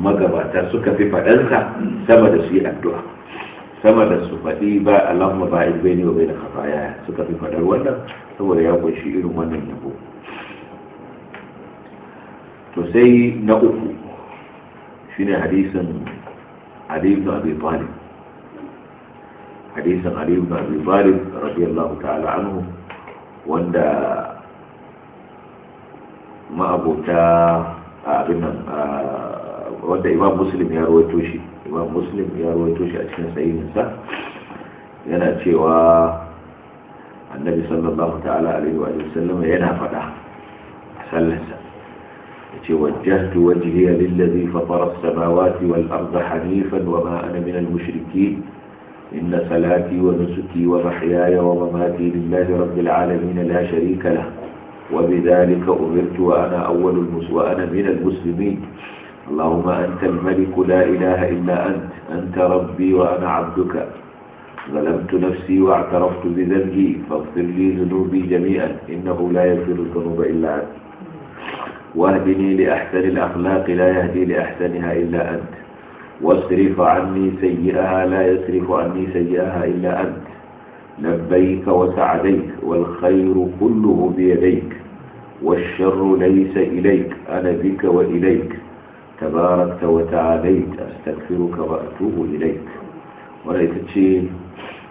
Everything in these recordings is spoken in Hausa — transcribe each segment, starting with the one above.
magabata suka fi faɗansa sama da su yi addu'a sama da su faɗi ba lamma ba in bai wa bai da ya suka fi faɗar wannan saboda ya kunshi irin wannan yabo to sai na uku shine hadisin Ali abu bali Talib hadisin Ali na Abi Talib radiyallahu ta'ala anhu wanda ma'abota abin nan wanda imam muslim ya rawaito shi imam muslim ya rawaito shi a cikin sahihinsa yana cewa annabi sallallahu ta'ala alaihi wa sallam yana faɗa a sallarsa yace wajjahtu wajhiya lillazi fatara as-samawati wal arda hanifan wa ma ana min al-mushrikeen inna salati wa nusuki wa mahyaya wa mamati lillahi rabbil alamin la sharika lahu وبذلك أمرت وأنا أول المس... وأنا من المسلمين اللهم أنت الملك لا إله إلا أنت أنت ربي وأنا عبدك ظلمت نفسي واعترفت بذنبي فاغفر لي ذنوبي جميعا إنه لا يغفر الذنوب إلا أنت واهدني لأحسن الأخلاق لا يهدي لأحسنها إلا أنت واصرف عني سيئها لا يصرف عني سيئها إلا أنت لبيك وسعديك والخير كله بيديك والشر ليس إليك أنا بك وإليك تبارك وتعاليت أستغفرك وأتوب إليك وليس شيء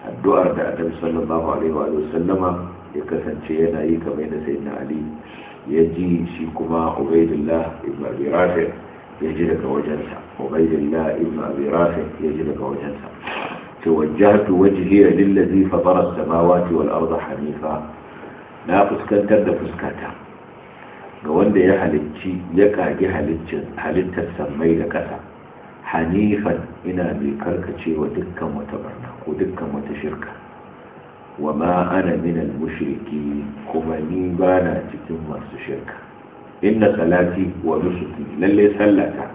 الدعاء آدم صلى الله عليه وآله وسلم يكثر شيء نايك بين سيدنا علي يجي شيكما عبيد الله إما برافع يجلك وجنسا عبيد الله إما برافع يجلك وجنسا توجهت وجهي للذي فطر السماوات والأرض حنيفا ناقص كنتر دفسكاتا ga wanda ya halicci ya kage halittar sammai da ƙasa hanifan ina mai karkacewa dukkan wata barna ko dukkan wata shirka wa ma ana minal mushriki kuma ni ba na cikin masu shirka inna salati wa nusuki lalle sallata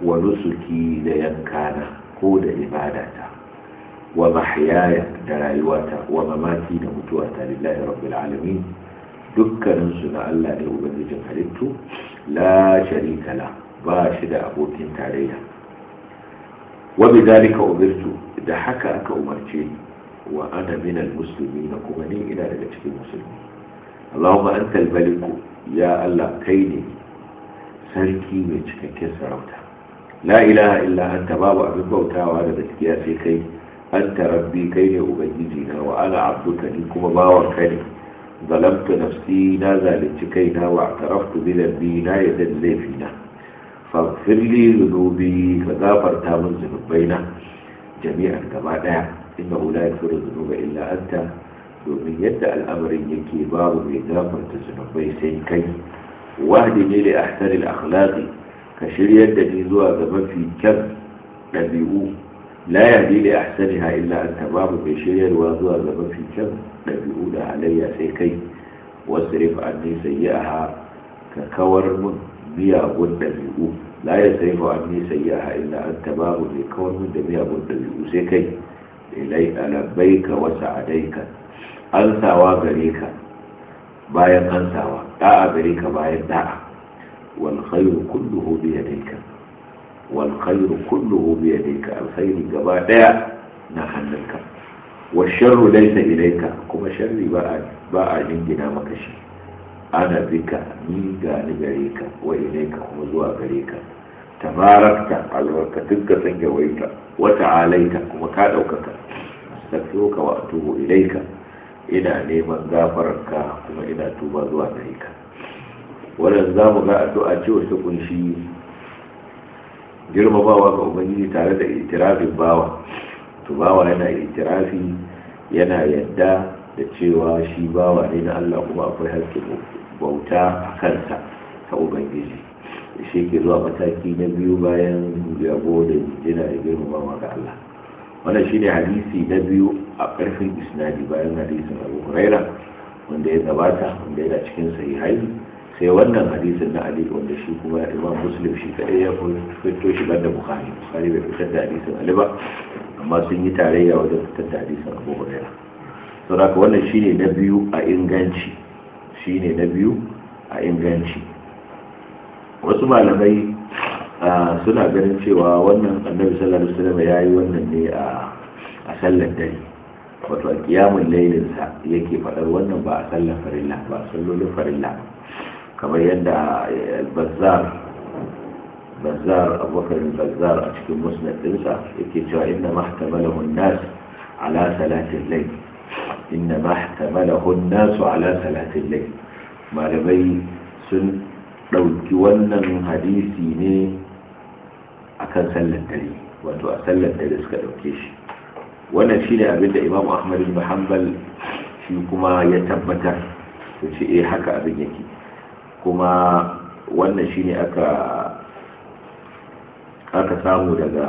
wa nusuki da yankana ko da ibadata wa mahyaya da rayuwata wa mamaki da mutuwata lillahi rabbil alamin dukkaninsu na Allah ne ubangijin halittu la sharika la ba shi da abokin tarayya wa bi zalika umirtu da haka aka umarce ni wa ana min na kuma ni ina daga cikin musulmi Allahumma antal malik ya Allah kai ne sarki mai cikakken sarauta la ilaha illa anta babu abin bautawa da gaskiya sai kai anta rabbi kai ne ubangiji na wa ana abduka ni kuma bawan kari. ne zalamta nafsi na zalunci kai na wa taraftu bi dambi na yadda laifi na fafirli zunubi ka zafarta min zunubai na jami'an gaba daya inna hula ya fura zunuba illa anta domin yadda al'amarin yake babu mai zafarta zunubai sai kai wahdi ne da ahsanil akhlaqi ka shiryar da ni zuwa ga mafi kyan ɗabi'u la ya yahdi li ha illa an babu mai shiryarwa zuwa ga mafi kyan ɗabi'u da halayya sai kai wasu an nisa yi a ha ka kawar mun miyagun ɗabi'u la ya fa an nisa yi a ha illa anta babu mai kawar mun da miyagun ɗabi'u sai kai ilai labbaika wa sa'adaika ansawa gare ka bayan ansawa ɗa'a gare ka bayan da'a wal khayru kulluhu bi yadayka wal khairu kulluhu bi gaba ɗaya na hannunka wa sharru laysa ilayka kuma sharri ba a ba jingina maka shi ana bika ni ga ni gare ka wa ilayka kuma zuwa gare ka tabarakta albarka dukka san yawaita wa ta'alaita kuma ka daukaka astaghfiruka wa atubu ina neman gafararka kuma ina tuba zuwa gareka. ka zamu ga addu'a ce wacce kunshi girmamawa ga ubangiji tare da itirafin bawa to bawa yana itirafi yana yadda da cewa shi bawa ne na Allah kuma akwai haske bauta a kansa ta ubangiji shi ke zuwa mataki na biyu bayan yabo da jina da girmamawa ga Allah wannan shine hadisi na biyu a karfin isnadi bayan hadisin abu huraira wanda ya gabata wanda yana cikin sahihai sai wannan hadisin na ali wanda shi kuma imam muslim shi kadai ya fito shi banda bukhari bukhari bai fitar da hadisin ali ba amma sun yi tarayya wajen fitar da hadisin abu huraira saboda wannan shine na biyu a inganci shine na biyu a inganci wasu malamai suna ganin cewa wannan annabi sallallahu alaihi wasallam ya yi wannan ne a sallar dare wato a kiyamun lailinsa yake faɗar wannan ba a sallar farilla ba a sallolin farilla ba kamar yadda albazar eh, bazar abubakar bazar a cikin musnad yake cewa inna mahtamalahu an ala salatin layl inna mahtamalahu an ala salatin layl malamai sun dauki wannan hadisi ne kan sallar dare wato a sallar dare suka dauke shi wannan shine abin da Imam Ahmad ibn Hanbal shi kuma ya tabbatar to ce eh haka abin yake kuma wannan shi aka aka samu daga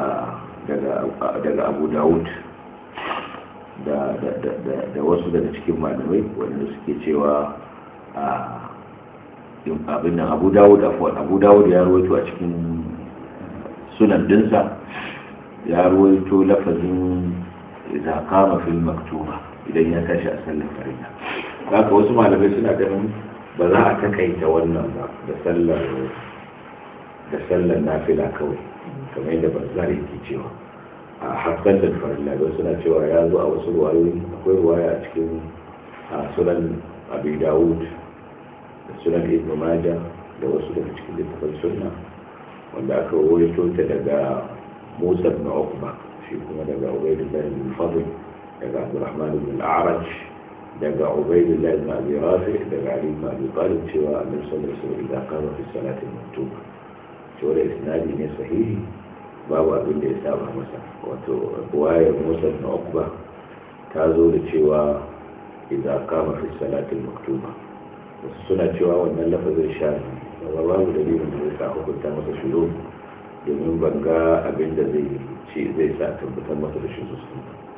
daga abu dawud da wasu daga cikin malamai wanda suke cewa a abin nan abu dawud abu dawud ya ruwaito a cikin sunan dinsa ya ruwaito lafazin za kama fil maktuba idan ya tashi a sallar farilla haka wasu malamai suna ganin ba za a takaita wannan ba da sallar da sallar nafila kawai kamar yadda bazar yake cewa a hakan da farilla don suna cewa ya zo a wasu ruwayoyi akwai ruwaya a cikin sunan abi dawud da sunan ibn majah da wasu daga cikin littafin sunna wanda aka rawaito ta daga musa ibn uqba shi kuma daga ubaydullah ibn fadl daga abdurrahman ibn al daga ubaidullah ibn bi rafi daga ali ibn abi cewa annabi sallallahu alaihi wasallam idan kama fi salatin maktuba cewa da isnadi ne sahihi babu abin da ya saba masa wato waye musa na ukba ta zo da cewa idan kama fi salatin wasu suna cewa wannan lafazin shafi amma babu dalilin da zai sa hukunta masa shiru domin ban ga abin da zai ce zai sa tabbatar masa da shi sosai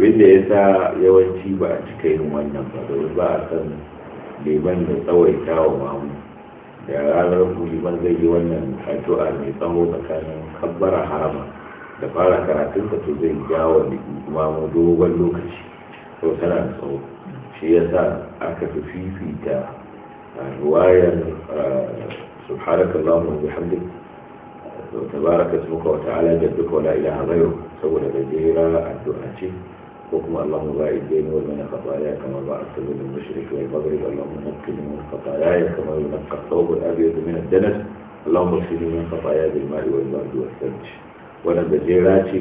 abin da ya sa yawanci ba a cika yin wannan ba domin ba a san liman da tsawaita wa mamu da ranar liman zai yi wannan addu'a mai tsawo tsakanin kabbara harama da fara karatun ka to zai jawo mamu dogon lokaci to tana da tsawo shi ya sa aka fi fifita ruwayar subhanaka Allahumma wa wata تبارك اسمك وتعالى جدك ولا saboda غيرك سوى لديرا وهم اللهم باعد بيني وبين خطاياي كما بعدت بين المشرك والمغرب اللهم نقني من خطاياي كما ينقى الثوب الابيض من الدنس اللهم اغسلني من خطاياي بالماء والبرد والثلج wannan gajera ce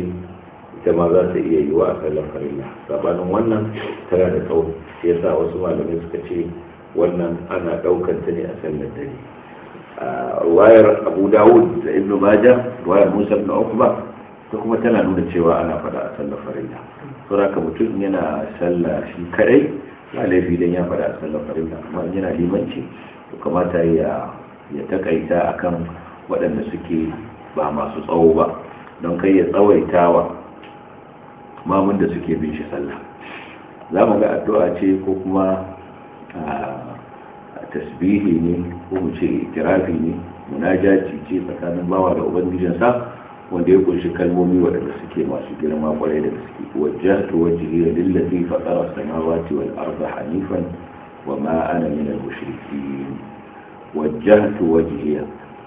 ita ma za ta iya yi wa a sallar farilla sabanin wannan tana da tsawo ya sa wasu malamai suka ce wannan ana ɗaukar ta ne a sallar dare a wayar abu dawud da ibnu majah wayar musa ibn ukba ta kuma tana nuna cewa ana fada a sallar farilla to ka mutum yana sallah shi kadai ba laifi dan ya fada a sallar farilla amma in yana limanci to kamata ya ya takaita akan waɗanda suke ba masu tsawo ba don kai ya tsawaita wa mamun da suke bin shi sallah za mu ga addu'a ce ko kuma tasbihi ne ko mu ce itirafi ne munajaci ce tsakanin bawa da ubangijinsa wanda ya kunshi kalmomi waɗanda suke masu girma kwarai da gaske wajjatu wajhiya lillazi fatara samawati wal arda hanifan wa ma ana min al mushrikin wajjatu wajhiya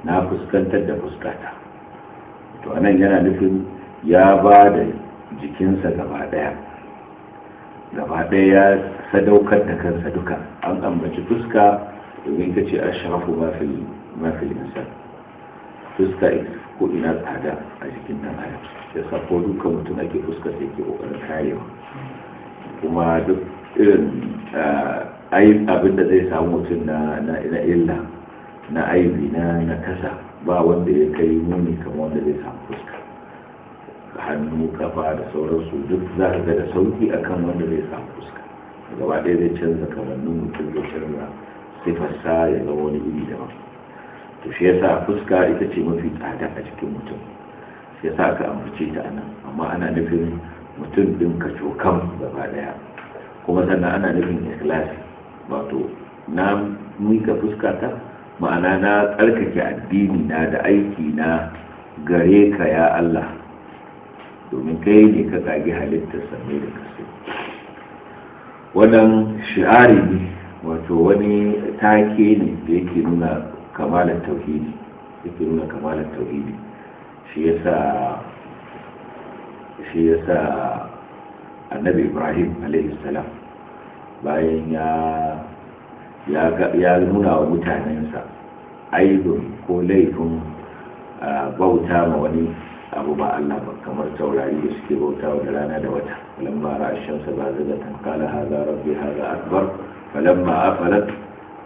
na fuskantar da fuskata to anan yana nufin ya ba da jikinsa gaba ɗaya. gaba ɗaya ya sadaukar da kansa duka an ambaci fuska domin ka ce ashrafu ma fil ma fuska ko ina tsada a jikin nan haya ya sa duka mutum ake fuska sai ke ƙoƙarin karewa kuma duk irin eh, abin da zai samu mutum na illa na aibi na kasa ba wanda ya kai muni kamar wanda zai samu fuska hannu kafa da sauransu duk za ka ga da sauki akan wanda zai samu fuska gaba ɗaya zai canza kamannin mutum zai canza sifarsa ya zama wani iri daban to shi yasa fuska ita ce mafi tsada a cikin mutum shi yasa ka ambace ta anan amma ana nufin mutum din ka cokan gaba daya kuma sannan ana nufin ikhlasi wato na mika fuska ta ma'ana na tsarkake addini na da aiki na gare ka ya Allah domin kai ne ka zagi halittar sanne da kasu wannan shi'ari ne wato wani take ne da yake nuna kamalar tauhidi yake nuna kamalar tauhidi shi yasa shi yasa annabi ibrahim alaihi salam bayan ya ya nuna wa mutanensa aibin ko laifin bauta ma wani abu ba Allah ba kamar taurari da suke bauta da rana da wata falamma ra'a sa ba zagatan qala hadha rabbi hadha akbar falamma afalat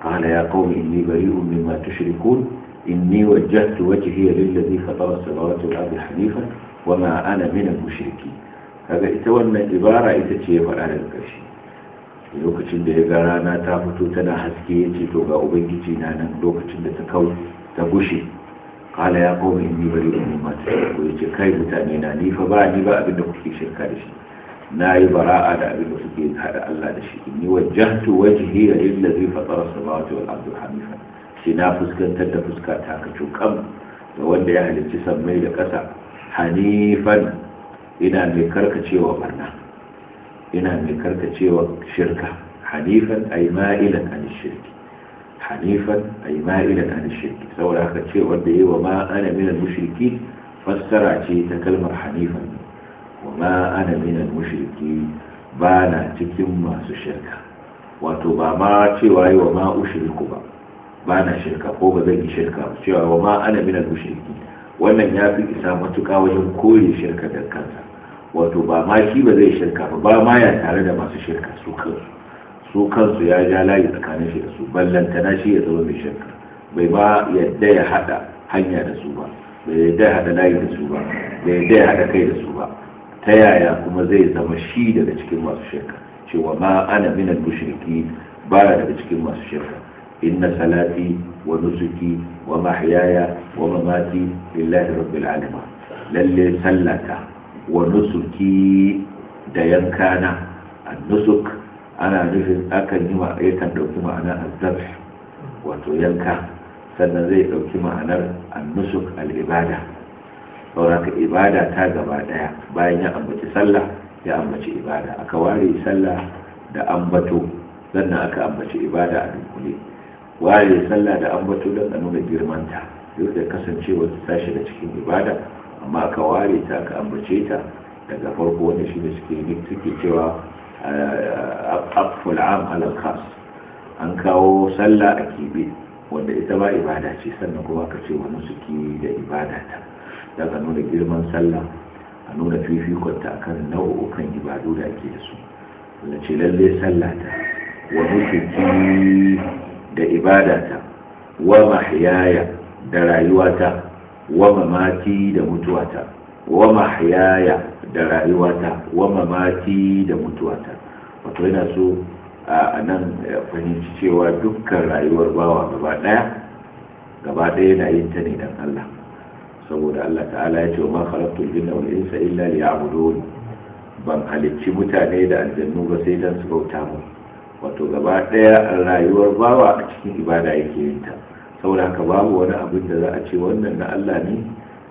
قال يا قوم إني بريء مما تشركون إني وجهت وجهي للذي فطر السماوات والأرض حنيفا وما أنا من المشركين kaga ita wannan ibara ita ce ya faɗa da ƙarshe lokacin da ya ga rana ta fito tana haske ya ce to ga ubangiji na nan lokacin da ta kau ta gushe kala ya koma in ni bari in ma ta ko ya ce kai mutane na ni fa ba ni ba abin da kuke shirka da shi na yi bara'a da abin da suke hada Allah da shi ni wajjahtu wajhi lillazi fatara samawati wal ardi hanifa sai na fuskantar da fuska ta ka cukam da wanda ya halicci sammai da ƙasa hanifan ina mai karkacewa barna ina mai karkacewa shirka hanifan ay ma'ilan an shirki hanifan ay ma'ilan an shirki saboda haka ce wanda yayi wa ma ana mushriki fassara ce ta kalmar hanifan wa ma ana minal mushriki ba na cikin masu shirka wato ba ma cewa yi wa ma ushriku ba ba na shirka ko ba zan yi shirka ba cewa wa ma ana minal mushriki wannan ya fi isa matuƙa wajen kore shirka da kansa wato ba ma shi ba zai shirka ba ba ma ya tare da masu shirka su kansu su kansu ya ja layi tsakanin shi da su ballantana shi ya zama mai shirka bai ba yadda ya hada hanya da su ba bai yadda ya hada layi da su ba bai yadda ya hada kai da su ba ta yaya kuma zai zama shi daga cikin masu shirka cewa ma ana minal mushriki baya daga cikin masu shirka inna salati wa nusuki wa mahyaya wa mamati lillahi rabbil alamin lalle sallata wa nusuki da yankana annusuk nusuk ana nufin akan yi ma yakan dauki ma'ana azzab wato yanka sannan zai dauki ma'anar annusuk al-ibada nusuk al-ibada ka ibada ta gaba daya bayan ya ambaci sallah ya ambaci ibada aka ware sallah da ambato sannan aka ambaci ibada a dunkule ware sallah da ambato don a nuna girmanta duk da kasancewar ta da cikin ibada amma aka ware ta aka ambace ta daga farko wanda shi da suke suke cewa ah, ah, aful am ala an kawo sallah a kibe wanda ita ba ibada ce sannan kuma aka ce wani suke da ibada ta daga nuna girman sallah a nuna fifikonta a kan nau'ukan ibadu da ake da su wanda ce lallai sallah ta wa da ibadata wa mahiyaya da rayuwata wa mamati da mutuwata wa mahiyaya da rayuwata wa mamati da mutuwata wato yana so a nan fahimci cewa dukkan rayuwar bawa gaba daya gaba daya na yin ta ne dan Allah saboda Allah ta'ala ya ce wa ma khalaqtul jinna wal insa illa liya'budun ban halicci mutane da aljannu ba sai dan su bauta mu wato gaba daya rayuwar bawa a cikin ibada yake yin ta saboda haka babu wani abin da za a ce wannan na Allah ne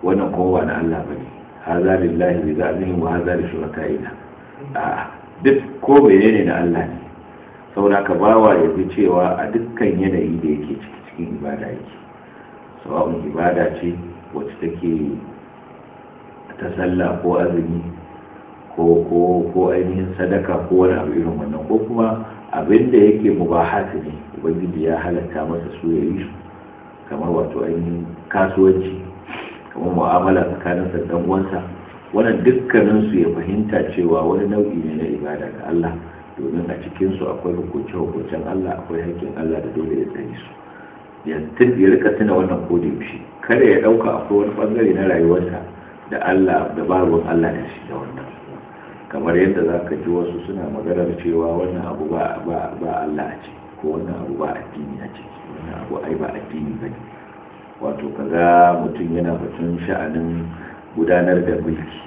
wannan kowa na Allah bane haza lillahi bi zalihim wa haza li shurakaina a duk ko menene na Allah ne saboda haka bawa ya ji cewa a dukkan yanayi da yake ciki cikin ibada yake sawa'un ibada ce wacce take ta sallah ko azumi ko ko ko ainihin sadaka ko wani abu irin wannan ko kuma abin da yake mubahati ne ubangiji ya halatta masa su ya yi kamar wato ainihin kasuwanci kamar mu'amala tsakanin sardan uwansa wannan dukkanin su ya fahimta cewa wani nau'i ne na ibada ga Allah domin a cikin su akwai hukunce hukuncen Allah akwai haƙƙin Allah da dole ya tsare su ya rika tuna wannan ko da kada ya dauka akwai wani bangare na rayuwarsa da Allah da baruwan Allah da shi da wannan kamar yadda za ka ji wasu suna maganar cewa wannan abu ba Allah a ce ko wannan abu ba addini a ce wannan abu ai ba addini ba ne wato kaga mutum yana batun sha'anin gudanar da mulki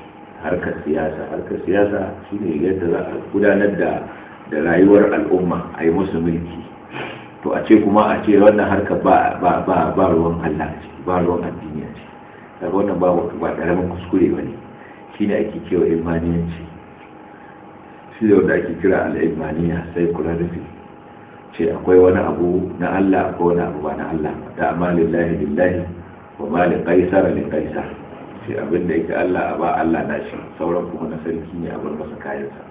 harkar siyasa harkar siyasa shine yadda za a gudanar da rayuwar al'umma a yi musu mulki to a ce kuma a ce wannan harka ba ba ba ruwan Allah ce ba ruwan addini ce daga wannan ba ba karamin kuskure shi ne ake kewa imaniyanci shi da wanda ake kira al'imaniya imaniya sai kula da ce akwai wani abu na Allah ko wani abu ba na Allah da amma lillahi lillahi wa ma li qaisar li qaisar ce abin da yake Allah a ba Allah na shi sauran kuma na sarki ne a bar masa kayansa